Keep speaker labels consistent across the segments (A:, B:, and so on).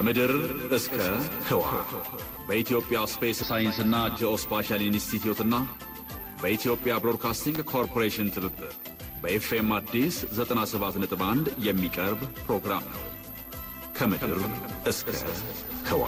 A: ከምድር እስከ ህዋ በኢትዮጵያ ስፔስ ሳይንስና ጂኦስፓሻል ኢንስቲትዩትና በኢትዮጵያ ብሮድካስቲንግ ኮርፖሬሽን ትብብር በኤፍኤም አዲስ 97.1 የሚቀርብ ፕሮግራም ነው። ከምድር እስከ ህዋ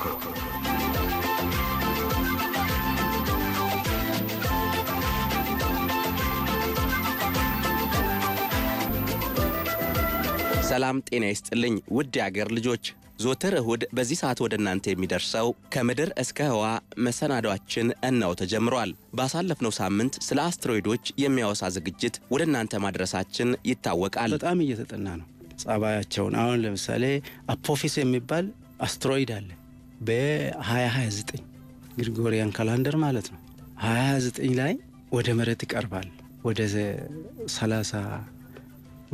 A: ሰላም ጤና ይስጥልኝ ውድ የአገር ልጆች ዞተር እሁድ በዚህ ሰዓት ወደ እናንተ የሚደርሰው ከምድር እስከ ህዋ መሰናዷችን እናው ተጀምሯል። ባሳለፍነው ሳምንት ስለ አስትሮይዶች የሚያወሳ ዝግጅት ወደ እናንተ ማድረሳችን ይታወቃል። በጣም እየተጠና ነው
B: ጸባያቸውን። አሁን ለምሳሌ
A: አፖፊስ የሚባል አስትሮይድ አለ በ2029 ግሪጎሪያን
B: ካላንደር ማለት ነው። 2029 ላይ ወደ መሬት ይቀርባል። ወደ 30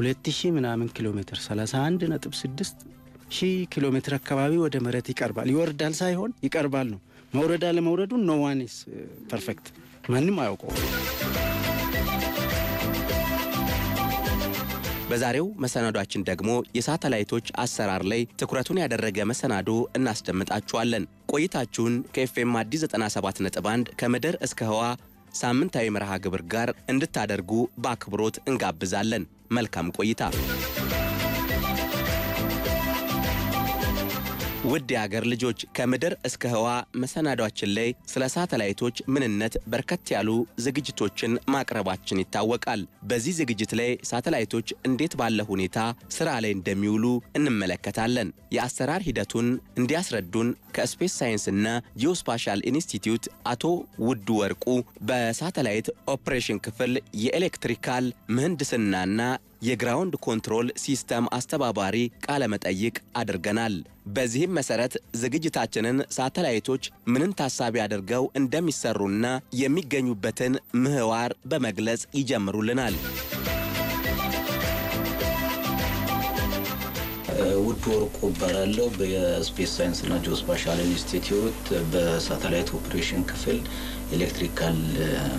B: 2000 ምናምን ኪሎ ሜትር 31.6 ሺህ ኪሎ ሜትር አካባቢ ወደ መሬት ይቀርባል። ይወርዳል ሳይሆን ይቀርባል ነው። መውረድ አለመውረዱን ኖ
A: ዋን ኢዝ ፐርፌክት፣ ማንም አያውቀው። በዛሬው መሰናዷችን ደግሞ የሳተላይቶች አሰራር ላይ ትኩረቱን ያደረገ መሰናዶ እናስደምጣችኋለን። ቆይታችሁን ከኤፍኤም አዲስ 97.1 ከምድር እስከ ህዋ ሳምንታዊ መርሃ ግብር ጋር እንድታደርጉ በአክብሮት እንጋብዛለን። መልካም ቆይታ። ውድ የአገር ልጆች ከምድር እስከ ህዋ መሰናዷችን ላይ ስለ ሳተላይቶች ምንነት በርከት ያሉ ዝግጅቶችን ማቅረባችን ይታወቃል። በዚህ ዝግጅት ላይ ሳተላይቶች እንዴት ባለ ሁኔታ ስራ ላይ እንደሚውሉ እንመለከታለን። የአሰራር ሂደቱን እንዲያስረዱን ከስፔስ ሳይንስና ጂኦስፓሻል ኢንስቲትዩት አቶ ውዱ ወርቁ በሳተላይት ኦፕሬሽን ክፍል የኤሌክትሪካል ምህንድስናና የግራውንድ ኮንትሮል ሲስተም አስተባባሪ ቃለመጠይቅ አድርገናል። በዚህም መሰረት ዝግጅታችንን ሳተላይቶች ምንን ታሳቢ አድርገው እንደሚሰሩና የሚገኙበትን ምህዋር በመግለጽ ይጀምሩልናል።
B: ውድ ወርቁ እባላለሁ። በስፔስ ሳይንስና ጂኦስፓሻል ኢንስቲትዩት በሳተላይት ኦፕሬሽን ክፍል ኤሌክትሪካል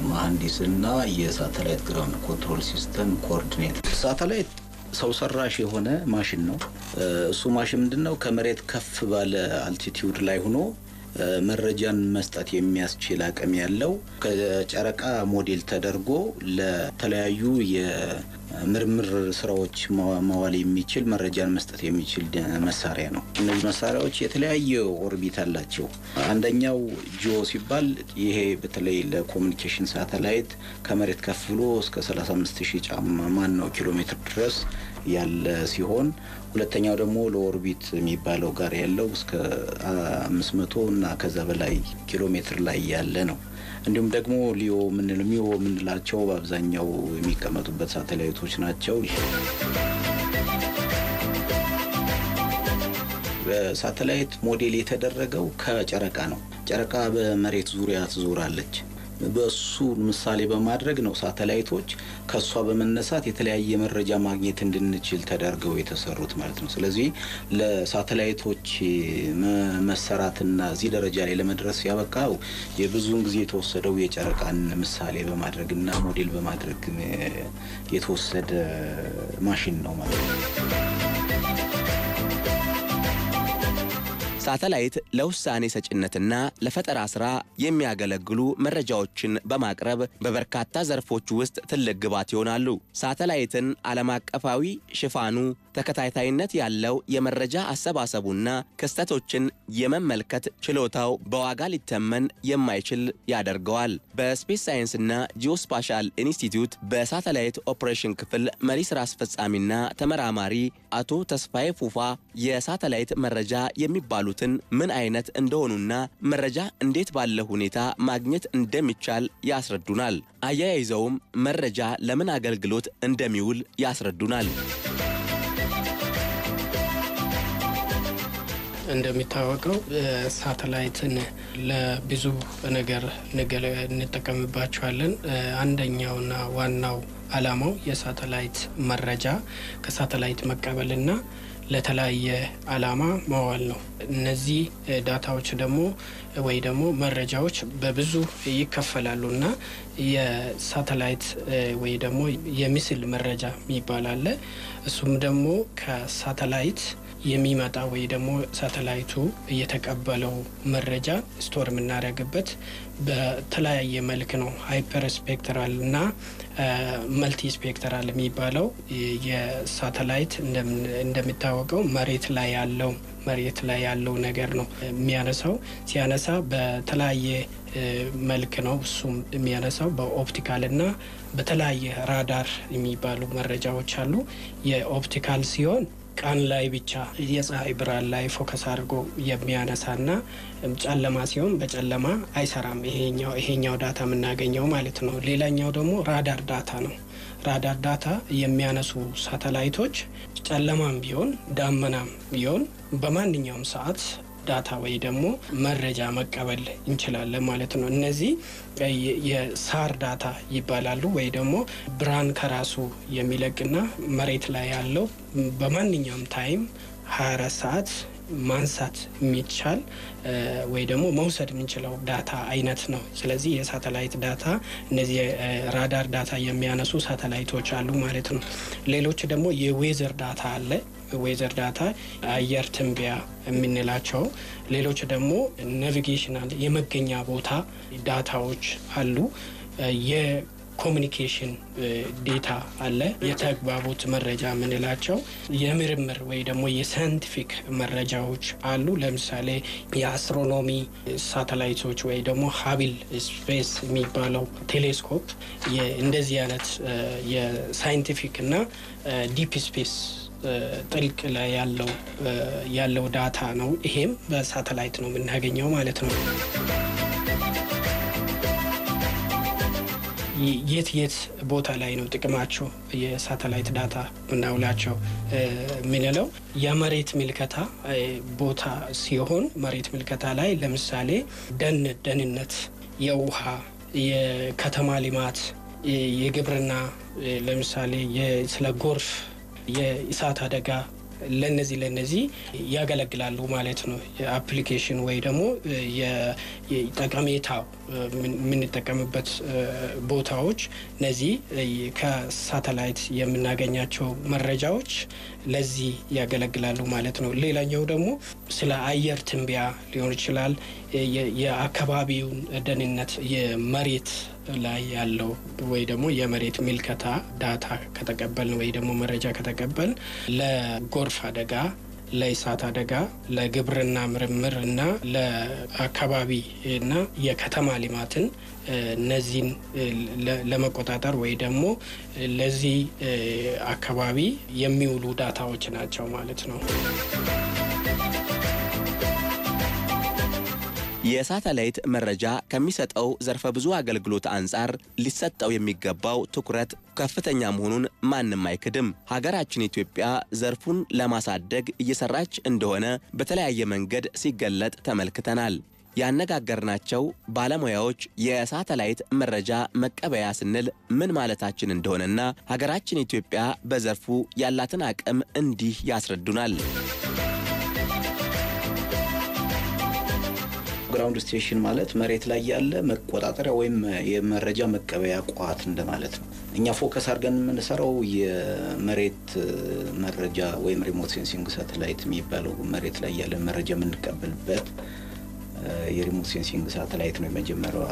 B: መሐንዲስና የሳተላይት ግራውንድ ኮንትሮል ሲስተም ኮኦርዲኔት። ሳተላይት ሰው ሰራሽ የሆነ ማሽን ነው። እሱ ማሽን ምንድን ነው? ከመሬት ከፍ ባለ አልቲቲዩድ ላይ ሆኖ መረጃን መስጠት የሚያስችል አቅም ያለው ከጨረቃ ሞዴል ተደርጎ ለተለያዩ የምርምር ስራዎች መዋል የሚችል መረጃን መስጠት የሚችል መሳሪያ ነው። እነዚህ መሳሪያዎች የተለያየ ኦርቢት አላቸው። አንደኛው ጂኦ ሲባል ይሄ በተለይ ለኮሚኒኬሽን ሳተላይት ከመሬት ከፍ ብሎ እስከ 35 ሺህ ጫማ ማን ነው ኪሎ ሜትር ድረስ ያለ ሲሆን ሁለተኛው ደግሞ ለኦርቢት የሚባለው ጋር ያለው እስከ 500 እና ከዛ በላይ ኪሎ ሜትር ላይ ያለ ነው። እንዲሁም ደግሞ ሊዮ ምንል ሚዮ የምንላቸው በአብዛኛው የሚቀመጡበት ሳተላይቶች ናቸው። ሳተላይት ሞዴል የተደረገው ከጨረቃ ነው። ጨረቃ በመሬት ዙሪያ ትዞራለች። በሱ ምሳሌ በማድረግ ነው ሳተላይቶች ከእሷ በመነሳት የተለያየ መረጃ ማግኘት እንድንችል ተደርገው የተሰሩት ማለት ነው። ስለዚህ ለሳተላይቶች መሰራትና እዚህ ደረጃ ላይ ለመድረስ ያበቃው የብዙውን ጊዜ የተወሰደው የጨረቃን ምሳሌ በማድረግና ሞዴል በማድረግ
A: የተወሰደ ማሽን ነው ማለት ነው። ሳተላይት ለውሳኔ ሰጭነትና ለፈጠራ ስራ የሚያገለግሉ መረጃዎችን በማቅረብ በበርካታ ዘርፎች ውስጥ ትልቅ ግባት ይሆናሉ። ሳተላይትን ዓለም አቀፋዊ ሽፋኑ ተከታታይነት ያለው የመረጃ አሰባሰቡና ክስተቶችን የመመልከት ችሎታው በዋጋ ሊተመን የማይችል ያደርገዋል። በስፔስ ሳይንስና ጂኦስፓሻል ኢንስቲትዩት በሳተላይት ኦፕሬሽን ክፍል መሪ ስራ አስፈጻሚና ተመራማሪ አቶ ተስፋዬ ፉፋ የሳተላይት መረጃ የሚባሉት የሚሆኑትን ምን አይነት እንደሆኑና መረጃ እንዴት ባለ ሁኔታ ማግኘት እንደሚቻል ያስረዱናል። አያይዘውም መረጃ ለምን አገልግሎት እንደሚውል ያስረዱናል።
C: እንደሚታወቀው ሳተላይትን ለብዙ ነገር እንጠቀምባቸዋለን። አንደኛውና ዋናው ዓላማው የሳተላይት መረጃ ከሳተላይት መቀበልና ለተለያየ አላማ መዋል ነው። እነዚህ ዳታዎች ደግሞ ወይ ደግሞ መረጃዎች በብዙ ይከፈላሉ እና የሳተላይት ወይ ደግሞ የምስል መረጃ የሚባል አለ። እሱም ደግሞ ከሳተላይት የሚመጣ ወይ ደግሞ ሳተላይቱ የተቀበለው መረጃ ስቶር የምናደርግበት በተለያየ መልክ ነው። ሃይፐር ስፔክትራል እና መልቲ ስፔክትራል የሚባለው የሳተላይት እንደሚታወቀው መሬት ላይ ያለው መሬት ላይ ያለው ነገር ነው የሚያነሳው። ሲያነሳ በተለያየ መልክ ነው እሱም የሚያነሳው በኦፕቲካል እና በተለያየ ራዳር የሚባሉ መረጃዎች አሉ። የኦፕቲካል ሲሆን ቀን ላይ ብቻ የፀሐይ ብርሃን ላይ ፎከስ አድርጎ የሚያነሳና ጨለማ ሲሆን በጨለማ አይሰራም። ይሄኛው ዳታ የምናገኘው ማለት ነው። ሌላኛው ደግሞ ራዳር ዳታ ነው። ራዳር ዳታ የሚያነሱ ሳተላይቶች ጨለማም ቢሆን ዳመናም ቢሆን በማንኛውም ሰዓት ዳታ ወይ ደግሞ መረጃ መቀበል እንችላለን ማለት ነው። እነዚህ የሳር ዳታ ይባላሉ ወይ ደግሞ ብርሃን ከራሱ የሚለቅና መሬት ላይ ያለው በማንኛውም ታይም 24 ሰዓት ማንሳት የሚቻል ወይ ደግሞ መውሰድ የምንችለው ዳታ አይነት ነው። ስለዚህ የሳተላይት ዳታ እነዚህ ራዳር ዳታ የሚያነሱ ሳተላይቶች አሉ ማለት ነው። ሌሎች ደግሞ የዌዘር ዳታ አለ። ዌዘር ዳታ፣ አየር ትንቢያ የምንላቸው ሌሎች ደግሞ ናቪጌሽናል የመገኛ ቦታ ዳታዎች አሉ። ኮሚኒኬሽን ዴታ አለ። የተግባቦት መረጃ የምንላቸው የምርምር ወይ ደግሞ የሳይንቲፊክ መረጃዎች አሉ። ለምሳሌ የአስትሮኖሚ ሳተላይቶች ወይ ደግሞ ሀቢል ስፔስ የሚባለው ቴሌስኮፕ እንደዚህ አይነት የሳይንቲፊክ እና ዲፕ ስፔስ ጥልቅ ላይ ያለው ያለው ዳታ ነው። ይሄም በሳተላይት ነው የምናገኘው ማለት ነው። የት የት ቦታ ላይ ነው ጥቅማቸው የሳተላይት ዳታ እናውላቸው የምንለው የመሬት ምልከታ ቦታ ሲሆን መሬት ምልከታ ላይ ለምሳሌ ደን፣ ደህንነት፣ የውሃ፣ የከተማ ልማት፣ የግብርና ለምሳሌ ስለ ጎርፍ የእሳት አደጋ ለነዚህ ለነዚህ ያገለግላሉ ማለት ነው። የአፕሊኬሽን ወይ ደግሞ ጠቀሜታው የምንጠቀምበት ቦታዎች እነዚህ ከሳተላይት የምናገኛቸው መረጃዎች ለዚህ ያገለግላሉ ማለት ነው። ሌላኛው ደግሞ ስለ አየር ትንቢያ ሊሆን ይችላል። የአካባቢውን ደህንነት የመሬት ላይ ያለው ወይ ደግሞ የመሬት ሚልከታ ዳታ ከተቀበል ወይ ደግሞ መረጃ ከተቀበል ለጎርፍ አደጋ ለእሳት አደጋ ለግብርና ምርምር እና ለአካባቢ እና የከተማ ልማትን እነዚህን ለመቆጣጠር ወይ ደግሞ ለዚህ አካባቢ የሚውሉ ዳታዎች ናቸው ማለት ነው።
A: የሳተላይት መረጃ ከሚሰጠው ዘርፈ ብዙ አገልግሎት አንጻር ሊሰጠው የሚገባው ትኩረት ከፍተኛ መሆኑን ማንም አይክድም። ሀገራችን ኢትዮጵያ ዘርፉን ለማሳደግ እየሰራች እንደሆነ በተለያየ መንገድ ሲገለጥ ተመልክተናል። ያነጋገርናቸው ባለሙያዎች የሳተላይት መረጃ መቀበያ ስንል ምን ማለታችን እንደሆነና ሀገራችን ኢትዮጵያ በዘርፉ ያላትን አቅም እንዲህ ያስረዱናል። ግራውንድ ስቴሽን ማለት መሬት ላይ ያለ
B: መቆጣጠሪያ ወይም የመረጃ መቀበያ ቋት እንደማለት ነው። እኛ ፎከስ አድርገን የምንሰራው የመሬት መረጃ ወይም ሪሞት ሴንሲንግ ሳተላይት የሚባለው መሬት ላይ ያለ መረጃ የምንቀበልበት የሪሞት ሴንሲንግ ሳተላይት ነው። የመጀመሪያዋ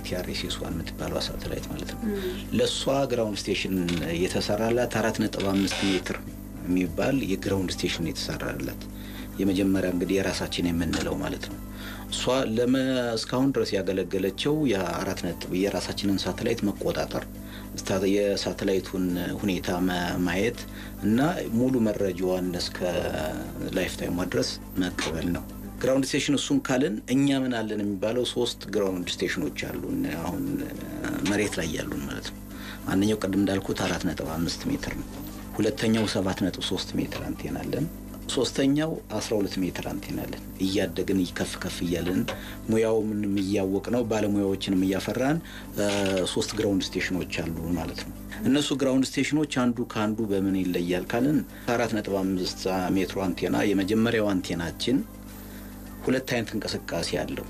B: ኢቲአርሲስ ዋን የምትባለዋ ሳተላይት ማለት ነው። ለእሷ ግራውንድ ስቴሽን የተሰራላት አራት ነጥብ አምስት ሜትር የሚባል የግራውንድ ስቴሽን የተሰራላት የመጀመሪያ እንግዲህ የራሳችን የምንለው ማለት ነው። እሷ እስካሁን ድረስ ያገለገለችው የአራት ነጥብ የራሳችንን ሳተላይት መቆጣጠር፣ የሳተላይቱን ሁኔታ ማየት እና ሙሉ መረጃዋን እስከ ላይፍ ታይሟ ድረስ መቀበል ነው። ግራውንድ ስቴሽን እሱን ካልን እኛ ምን አለን የሚባለው ሶስት ግራውንድ ስቴሽኖች አሉ፣ አሁን መሬት ላይ ያሉን ማለት ነው። አንደኛው ቅድም እንዳልኩት አራት ነጥብ አምስት ሜትር ነው። ሁለተኛው ሰባት ነጥብ ሶስት ሜትር አንቴና አለን። ሶስተኛው 12 ሜትር አንቴና አለን። እያደግን ከፍ ከፍ እያለን ሙያውንም እያወቅ ነው ባለሙያዎችንም እያፈራን ሶስት ግራውንድ ስቴሽኖች አሉ ማለት ነው። እነሱ ግራውንድ ስቴሽኖች አንዱ ከአንዱ በምን ይለያል ካልን ከአራት ነጥብ አምስት ሜትሩ አንቴና የመጀመሪያው አንቴናችን ሁለት አይነት እንቅስቃሴ አለው።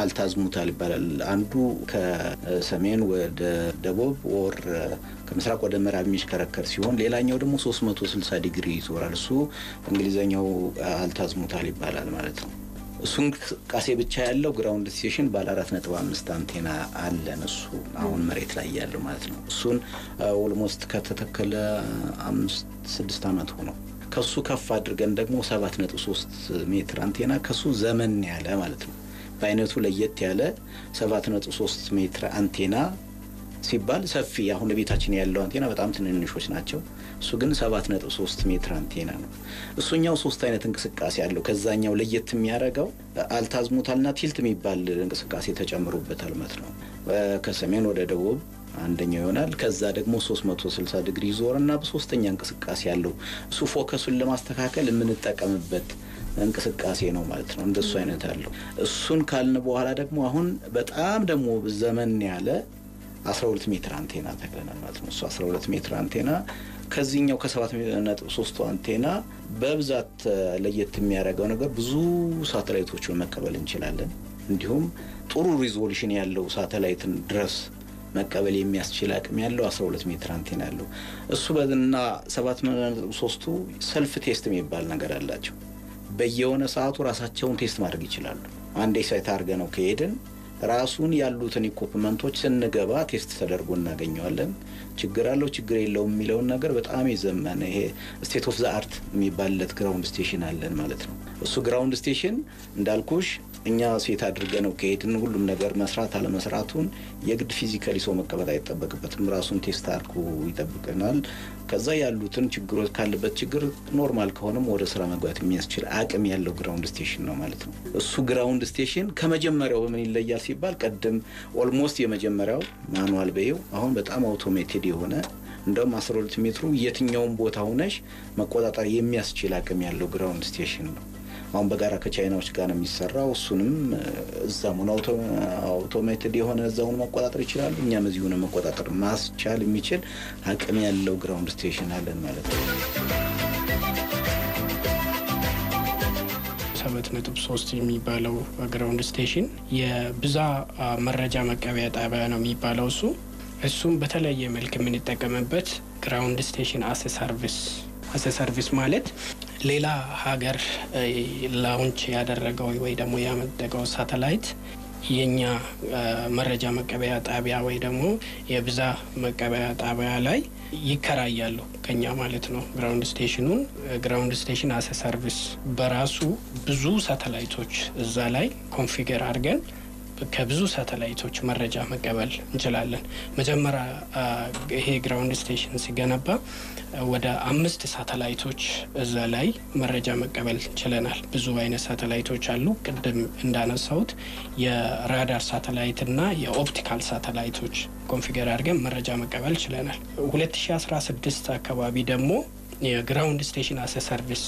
B: አልታዝሙታል ይባላል። አንዱ ከሰሜን ወደ ደቡብ ወር ከምስራቅ ወደ ምዕራብ የሚሽከረከር ሲሆን ሌላኛው ደግሞ 360 ዲግሪ ይዞራል። እሱ በእንግሊዝኛው አልታዝሙታል ይባላል ማለት ነው። እሱ እንቅስቃሴ ብቻ ያለው ግራውንድ ስቴሽን ባለ አራት ነጥብ አምስት አንቴና አለን። እሱ አሁን መሬት ላይ ያለው ማለት ነው። እሱን ኦልሞስት ከተተከለ አምስት ስድስት ዓመት ሆነው ከሱ ከፍ አድርገን ደግሞ ሰባት ነጥብ ሶስት ሜትር አንቴና ከሱ ዘመን ያለ ማለት ነው በአይነቱ ለየት ያለ 7.3 ሜትር አንቴና ሲባል ሰፊ አሁን ቤታችን ያለው አንቴና በጣም ትንንሾች ናቸው። እሱ ግን 7.3 ሜትር አንቴና ነው። እሱኛው ሶስት አይነት እንቅስቃሴ አለው። ከዛኛው ለየት የሚያደርገው አልታዝሙታልና ቲልት የሚባል እንቅስቃሴ ተጨምሮበታል ማለት ነው። ከሰሜን ወደ ደቡብ አንደኛው ይሆናል። ከዛ ደግሞ 360 ዲግሪ ዞር እና በሶስተኛ እንቅስቃሴ አለው። እሱ ፎከሱን ለማስተካከል የምንጠቀምበት እንቅስቃሴ ነው ማለት ነው። እንደሱ አይነት አለው። እሱን ካልን በኋላ ደግሞ አሁን በጣም ደግሞ ዘመን ያለ 12 ሜትር አንቴና ተክለናል ማለት ነው። እሱ 12 ሜትር አንቴና ከዚህኛው ከሰባት ነጥብ ሶስቱ አንቴና በብዛት ለየት የሚያደርገው ነገር ብዙ ሳተላይቶችን መቀበል እንችላለን። እንዲሁም ጥሩ ሪዞሉሽን ያለው ሳተላይትን ድረስ መቀበል የሚያስችል አቅም ያለው 12 ሜትር አንቴና ያለው እሱ በና ሰባት ነጥብ ሶስቱ ሰልፍ ቴስት የሚባል ነገር አላቸው። በየሆነ ሰዓቱ ራሳቸውን ቴስት ማድረግ ይችላሉ። አንዴ ሳይት አድርገ ነው ከሄድን ራሱን ያሉትን ኢኩፕመንቶች ስንገባ ቴስት ተደርጎ እናገኘዋለን። ችግር አለው ችግር የለውም የሚለውን ነገር በጣም የዘመነ ይሄ ስቴት ኦፍ ዘ አርት የሚባልለት ግራውንድ ስቴሽን አለን ማለት ነው። እሱ ግራውንድ ስቴሽን እንዳልኩሽ እኛ ሴት አድርገ ነው ከሄድን ሁሉም ነገር መስራት አለመስራቱን የግድ ፊዚካሊ ሰው መቀመጥ አይጠበቅበትም። ራሱን ቴስት አርኩ ይጠብቀናል። ከዛ ያሉትን ችግሮች ካለበት ችግር ኖርማል ከሆነም ወደ ስራ መግባት የሚያስችል አቅም ያለው ግራውንድ ስቴሽን ነው ማለት ነው። እሱ ግራውንድ ስቴሽን ከመጀመሪያው በምን ይለያል ሲባል ቀድም ኦልሞስት የመጀመሪያው ማኑዋል በየው አሁን በጣም አውቶሜትድ የሆነ እንደውም 12 ሜትሩ የትኛውን ቦታ ሆነሽ መቆጣጠር የሚያስችል አቅም ያለው ግራውንድ ስቴሽን ነው። አሁን በጋራ ከቻይናዎች ጋር ነው የሚሰራው። እሱንም እዛሙን አውቶሜትድ የሆነ እዛውን መቆጣጠር ይችላሉ። እኛም ሆነ መቆጣጠር ማስቻል የሚችል አቅም ያለው ግራውንድ ስቴሽን አለን ማለት ነው።
C: ነጥብ ሶስት የሚባለው ግራውንድ ስቴሽን የብዛ መረጃ መቀበያ ጣቢያ ነው የሚባለው እሱ እሱም በተለያየ መልክ የምንጠቀምበት ግራውንድ ስቴሽን አሰ ሰርቪስ ሰርቪስ ማለት ሌላ ሀገር ላውንች ያደረገው ወይ ደግሞ ያመጠቀው ሳተላይት የኛ መረጃ መቀበያ ጣቢያ ወይ ደግሞ የብዛ መቀበያ ጣቢያ ላይ ይከራያሉ ከኛ ማለት ነው። ግራውንድ ስቴሽኑን ግራውንድ ስቴሽን አሰ ሰርቪስ በራሱ ብዙ ሳተላይቶች እዛ ላይ ኮንፊገር አድርገን ከብዙ ሳተላይቶች መረጃ መቀበል እንችላለን። መጀመሪያ ይሄ ግራውንድ ስቴሽን ሲገነባ ወደ አምስት ሳተላይቶች እዛ ላይ መረጃ መቀበል ችለናል። ብዙ አይነት ሳተላይቶች አሉ። ቅድም እንዳነሳሁት የራዳር ሳተላይት እና የኦፕቲካል ሳተላይቶች ኮንፊገር አድርገን መረጃ መቀበል ችለናል። 2016 አካባቢ ደግሞ የግራውንድ ስቴሽን አሰ ሰርቪስ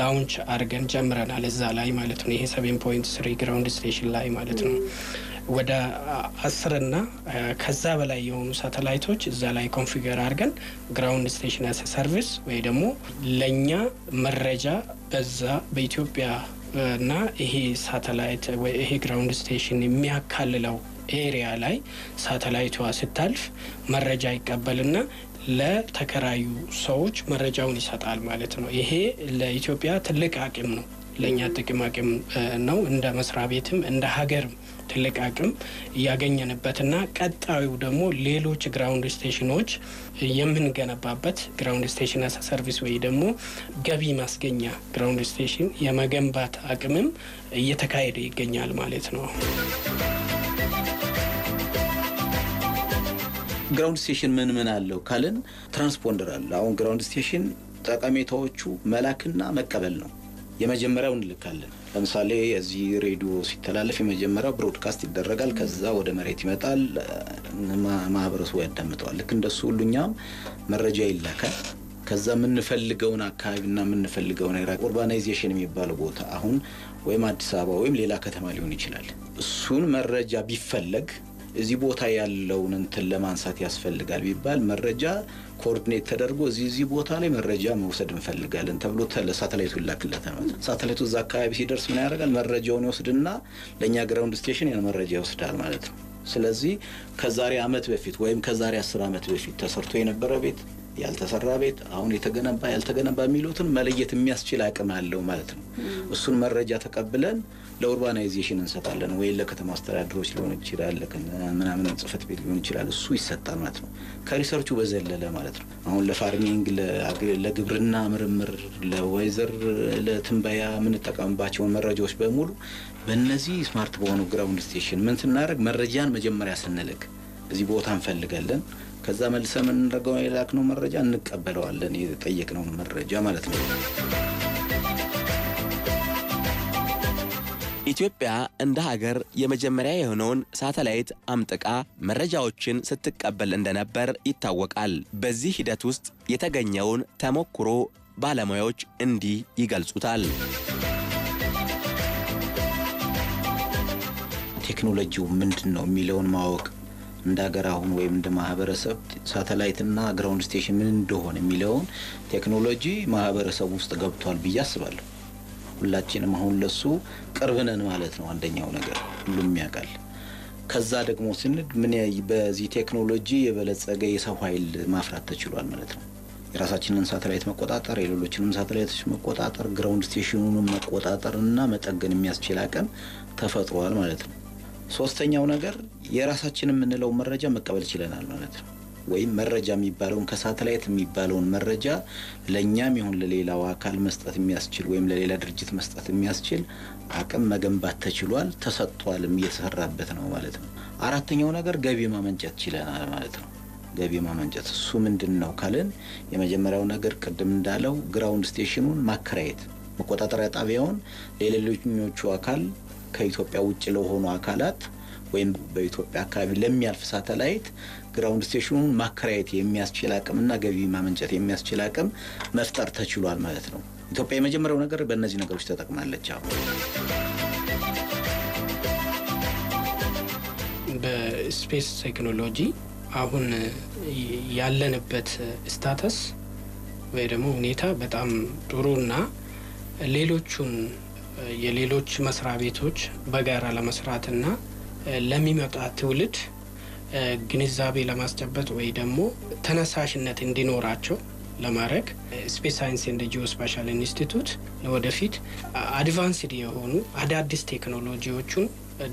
C: ላውንች አድርገን ጀምረናል። እዛ ላይ ማለት ነው። ይሄ ሰቨን ፖይንት ስሪ ግራውንድ ስቴሽን ላይ ማለት ነው። ወደ አስርና ከዛ በላይ የሆኑ ሳተላይቶች እዛ ላይ ኮንፊገር አድርገን ግራውንድ ስቴሽን ያሰ ሰርቪስ ወይ ደግሞ ለእኛ መረጃ በዛ በኢትዮጵያ እና ይሄ ሳተላይት ይሄ ግራውንድ ስቴሽን የሚያካልለው ኤሪያ ላይ ሳተላይቷ ስታልፍ መረጃ ይቀበልና ለተከራዩ ሰዎች መረጃውን ይሰጣል ማለት ነው። ይሄ ለኢትዮጵያ ትልቅ አቅም ነው፣ ለእኛ ጥቅም አቅም ነው። እንደ መስሪያ ቤትም እንደ ሀገርም ትልቅ አቅም እያገኘንበትና ቀጣዩ ደግሞ ሌሎች ግራውንድ ስቴሽኖች የምንገነባበት ግራውንድ ስቴሽን አሳ ሰርቪስ ወይ ደግሞ ገቢ ማስገኛ ግራውንድ ስቴሽን የመገንባት አቅምም እየተካሄደ ይገኛል ማለት ነው።
B: ግራውንድ ስቴሽን ምን ምን አለው ካልን ትራንስፖንደር አለ። አሁን ግራውንድ ስቴሽን ጠቀሜታዎቹ መላክና መቀበል ነው። የመጀመሪያው እንልካለን። ለምሳሌ እዚህ ሬዲዮ ሲተላለፍ የመጀመሪያው ብሮድካስት ይደረጋል። ከዛ ወደ መሬት ይመጣል፣ ማህበረሰቡ ያዳምጠዋል። ልክ እንደሱ ሁሉ እኛም መረጃ ይላካል። ከዛ የምንፈልገውን አካባቢና የምንፈልገውን ራ ኦርባናይዜሽን የሚባለው ቦታ አሁን ወይም አዲስ አበባ ወይም ሌላ ከተማ ሊሆን ይችላል። እሱን መረጃ ቢፈለግ እዚህ ቦታ ያለውን እንትን ለማንሳት ያስፈልጋል ቢባል መረጃ ኮኦርዲኔት ተደርጎ እዚህ እዚህ ቦታ ላይ መረጃ መውሰድ እንፈልጋለን ተብሎ ለሳተላይቱ ይላክለት ነው። ሳተላይቱ እዛ አካባቢ ሲደርስ ምን ያደርጋል? መረጃውን ይወስድና ለእኛ ግራውንድ ስቴሽን ያን መረጃ ይወስዳል ማለት ነው። ስለዚህ ከዛሬ ዓመት በፊት ወይም ከዛሬ አስር ዓመት በፊት ተሰርቶ የነበረ ቤት ያልተሰራ ቤት አሁን የተገነባ ያልተገነባ የሚሉትን መለየት የሚያስችል አቅም አለው ማለት ነው። እሱን መረጃ ተቀብለን ለኡርባናይዜሽን እንሰጣለን ወይ ለከተማ አስተዳድሮች ሊሆን ይችላል፣ ምናምን ጽሕፈት ቤት ሊሆን ይችላል። እሱ ይሰጣል ማለት ነው። ከሪሰርቹ በዘለለ ማለት ነው። አሁን ለፋርሚንግ፣ ለግብርና ምርምር፣ ለወይዘር ለትንበያ የምንጠቀምባቸውን መረጃዎች በሙሉ በእነዚህ ስማርት በሆኑ ግራውንድ ስቴሽን ምን ስናደርግ መረጃን መጀመሪያ ስንልክ እዚህ ቦታ እንፈልጋለን ከዛ መልሰ የምንደርገው የላክነው መረጃ
A: እንቀበለዋለን፣ የጠየቅነው መረጃ ማለት ነው። ኢትዮጵያ እንደ ሀገር የመጀመሪያ የሆነውን ሳተላይት አምጥቃ መረጃዎችን ስትቀበል እንደነበር ይታወቃል። በዚህ ሂደት ውስጥ የተገኘውን ተሞክሮ ባለሙያዎች እንዲህ ይገልጹታል።
B: ቴክኖሎጂው ምንድን ነው የሚለውን ማወቅ እንደ ሀገር አሁን ወይም እንደ ማህበረሰብ ሳተላይትና ግራውንድ ስቴሽን ምን እንደሆነ የሚለውን ቴክኖሎጂ ማህበረሰብ ውስጥ ገብቷል ብዬ አስባለሁ። ሁላችንም አሁን ለሱ ቅርብነን ማለት ነው። አንደኛው ነገር ሁሉም ያውቃል። ከዛ ደግሞ ስንድ ምን በዚህ ቴክኖሎጂ የበለጸገ የሰው ኃይል ማፍራት ተችሏል ማለት ነው። የራሳችንን ሳተላይት መቆጣጠር፣ የሌሎችንም ሳተላይቶች መቆጣጠር፣ ግራውንድ ስቴሽኑንም መቆጣጠር እና መጠገን የሚያስችል አቅም ተፈጥሯል ማለት ነው። ሶስተኛው ነገር የራሳችን የምንለው መረጃ መቀበል ችለናል ማለት ነው። ወይም መረጃ የሚባለውን ከሳተላይት የሚባለውን መረጃ ለእኛም ይሁን ለሌላው አካል መስጠት የሚያስችል ወይም ለሌላ ድርጅት መስጠት የሚያስችል አቅም መገንባት ተችሏል፣ ተሰጥቷልም፣ እየተሰራበት ነው ማለት ነው። አራተኛው ነገር ገቢ ማመንጨት ችለናል ማለት ነው። ገቢ ማመንጨት እሱ ምንድን ነው ካልን የመጀመሪያው ነገር ቅድም እንዳለው ግራውንድ ስቴሽኑን ማከራየት መቆጣጠሪያ ጣቢያውን ለሌሎቹ አካል ከኢትዮጵያ ውጭ ለሆኑ አካላት ወይም በኢትዮጵያ አካባቢ ለሚያልፍ ሳተላይት ግራውንድ ስቴሽኑን ማከራየት የሚያስችል አቅምና ገቢ ማመንጨት የሚያስችል አቅም መፍጠር ተችሏል ማለት ነው። ኢትዮጵያ የመጀመሪያው ነገር በእነዚህ ነገሮች ተጠቅማለች።
C: አሁን በስፔስ ቴክኖሎጂ አሁን ያለንበት ስታተስ ወይ ደግሞ ሁኔታ በጣም ጥሩና ሌሎቹን የሌሎች መስሪያ ቤቶች በጋራ ለመስራትና ለሚመጣ ትውልድ ግንዛቤ ለማስጨበጥ ወይ ደግሞ ተነሳሽነት እንዲኖራቸው ለማድረግ ስፔስ ሳይንስ ኤንድ ጂኦ ስፓሻል ኢንስቲቱት ለወደፊት አድቫንስድ የሆኑ አዳዲስ ቴክኖሎጂዎቹን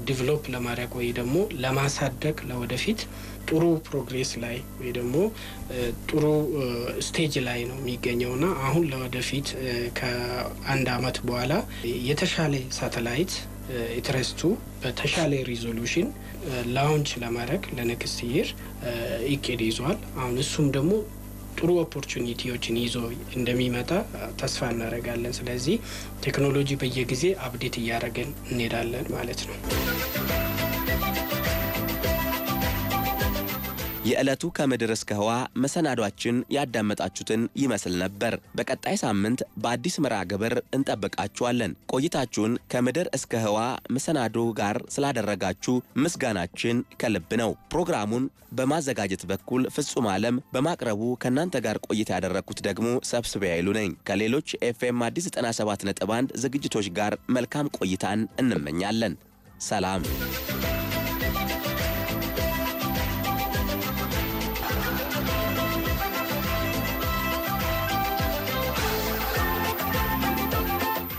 C: ዲቨሎፕ ለማድረግ ወይ ደግሞ ለማሳደግ ለወደፊት ጥሩ ፕሮግሬስ ላይ ወይ ደግሞ ጥሩ ስቴጅ ላይ ነው ና አሁን ለወደፊት ከአንድ አመት በኋላ የተሻለ ሳተላይት ኢንትረስቱ በተሻለ ሪዞሉሽን ላውንች ለማድረግ ለነክስት ይር ይቅድ ይዟል። አሁን እሱም ደግሞ ጥሩ ኦፖርቹኒቲዎችን ይዞ እንደሚመጣ ተስፋ እናደርጋለን። ስለዚህ ቴክኖሎጂ በየጊዜ አብዴት እያደረግን እንሄዳለን ማለት ነው።
A: የዕለቱ ከምድር እስከ ህዋ መሰናዷችን ያዳመጣችሁትን ይመስል ነበር። በቀጣይ ሳምንት በአዲስ መርሃ ግብር እንጠብቃችኋለን። ቆይታችሁን ከምድር እስከ ህዋ መሰናዶ ጋር ስላደረጋችሁ ምስጋናችን ከልብ ነው። ፕሮግራሙን በማዘጋጀት በኩል ፍጹም ዓለም፣ በማቅረቡ ከእናንተ ጋር ቆይታ ያደረግኩት ደግሞ ሰብስቤ ያይሉ ነኝ። ከሌሎች ኤፍኤም አዲስ 1 ዝግጅቶች ጋር መልካም ቆይታን እንመኛለን። ሰላም።